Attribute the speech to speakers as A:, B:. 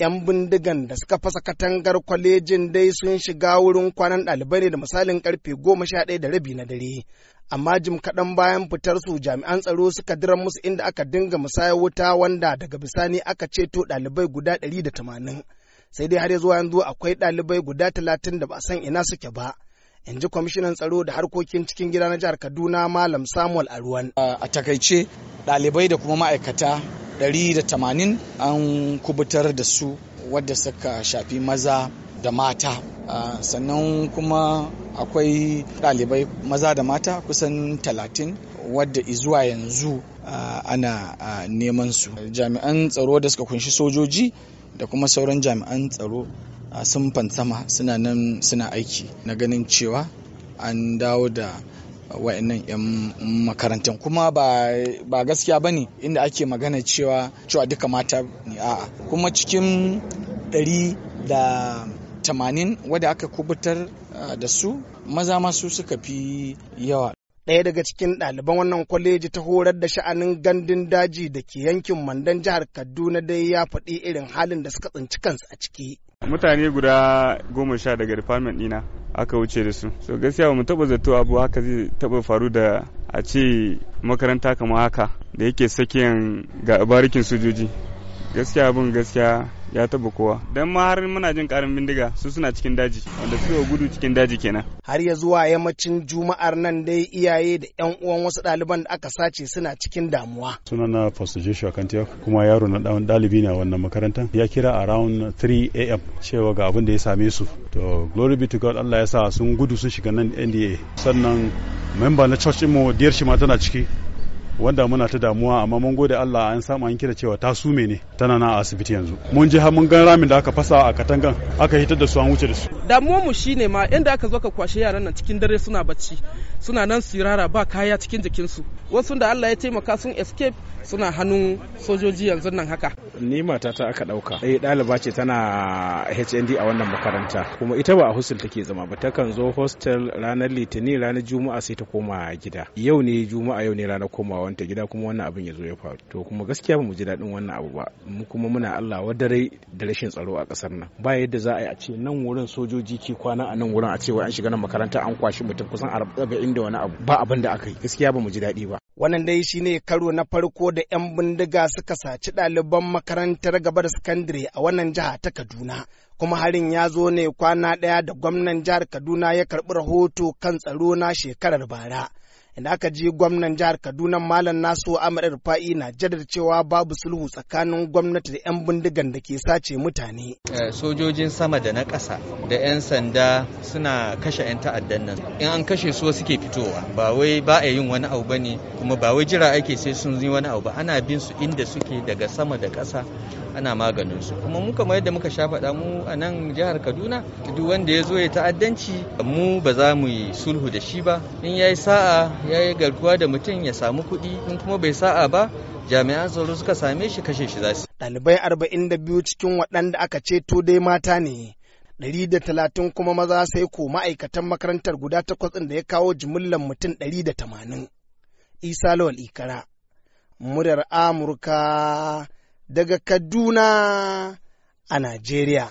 A: 'yan bindigan da suka fasa katangar kwalejin dai sun shiga wurin kwanan ɗalibai ne da misalin karfe goma sha ɗaya da rabi na dare amma jim kaɗan bayan fitar su jami'an tsaro suka dira musu inda aka dinga musaya wuta wanda daga bisani aka ceto ɗalibai guda ɗari da tamanin sai dai har zuwa yanzu akwai ɗalibai guda talatin da ba a san ina suke ba in ji kwamishinan tsaro da harkokin cikin gida na jihar kaduna malam samuel aruwan a
B: takaice ɗalibai da kuma ma'aikata 180 an kubutar da su wadda suka shafi maza da mata sannan kuma akwai ɗalibai maza da mata kusan 30 wadda izuwa yanzu ana neman su jami'an tsaro da suka kunshi sojoji da kuma sauran jami'an tsaro sun fansama suna nan suna aiki na ganin cewa an dawo da wa'annan 'yan makarantar kuma ba gaskiya ba ne inda ake magana cewa cewa duka mata ne a'a kuma cikin ɗari da tamanin wadda aka kubutar da su
A: maza masu suka fi yawa ɗaya daga cikin ɗaliban wannan kwaleji ta horar da sha'anin gandun daji da ke yankin mandan jihar kaduna dai ya faɗi irin halin da suka
C: tsinci kansu a ciki mutane guda goma sha daga department dina. aka wuce da su so gaskiya ba mu taba zato abu haka zai taba faru da a ce makaranta kamar haka da yake sakiyan ga barikin sojoji gaskiya abin gaskiya ya taba kowa dan ma har muna jin karin bindiga su suna cikin daji wanda suka gudu cikin daji kenan
A: har ya zuwa yammacin juma'ar nan dai iyaye da yan uwan wasu ɗaliban da aka sace suna cikin damuwa
C: sunana pastor Joshua Kantiya kuma yaro na dan dalibi na wannan makarantar ya kira around 3 am cewa ga abin da ya same su to glory be to God Allah ya sa sun gudu sun shiga nan NDA sannan memba na church mu diyar shi ma tana ciki wanda muna ta damuwa amma mun gode Allah an samu an kira cewa ta sume ne tana na asibiti yanzu mun je har mun gan ramin da aka fasa a katangan aka hitar da su an wuce da su
A: damuwar mu shine ma inda aka zo ka kwashe yaran nan cikin dare suna bacci suna nan sirara ba kaya cikin jikinsu wasu da Allah ya taimaka sun escape suna hannun sojoji yanzu nan haka ni matata aka ɗauka. eh ɗaliba ce tana HND a wannan makaranta kuma ita ba a hostel take zama ba takan zo hostel ranar litinin ranar juma'a sai ta koma gida yau ne juma'a yau ne ranar komawa ta gida kuma wannan abin ya zo ya faru to kuma gaskiya ba mu ji daɗin wannan abu ba mu kuma muna Allah wa dare da rashin tsaro a ƙasar nan ba yadda za a yi a ce nan wurin sojoji ke kwana a nan wurin a ce wai an shiga nan makaranta an kwashi mutum kusan arba'in da wani abu ba abin da aka yi gaskiya ba mu ji daɗi ba Wannan dai shi ne karo na farko da 'yan bindiga suka saci ɗaliban makarantar gaba da sakandare a wannan jiha ta Kaduna. Kuma harin ya zo ne kwana ɗaya da gwamnan jihar Kaduna ya karɓi rahoto kan tsaro na shekarar bara. inda aka ji gwamnan jihar Kaduna Malam Nasu Ahmed Rufa'i na jaddada cewa babu sulhu tsakanin gwamnati da 'yan bindigan da ke sace
D: mutane. Eh, sojojin sama da na ƙasa da 'yan sanda suna kashe 'yan ta'addan nan. In an kashe su suke fitowa ba wai ba a yin wani abu bane kuma ba wai jira ake sai sun yi wani abu ba, ana bin su inda suke daga sama da ƙasa ana maganin su. Kuma mu kamar yadda muka sha faɗa mu a nan jihar Kaduna duk wanda ya zo ya ta'addanci mu ba za mu yi sulhu da shi ba in yayi sa'a ya yi garkuwa da mutum ya samu kuɗi in kuma bai sa'a ba jami'an tsaro suka same shi kashe shi za su. Ɗalibai arba'in da biyu cikin
A: waɗanda aka ceto dai mata ne. Ɗari da talatin kuma maza sai ko ma'aikatan makarantar guda takwas da ya kawo jimillar mutum ɗari da tamanin. Isa Lawal Ikara. Murar Amurka daga Kaduna a Najeriya.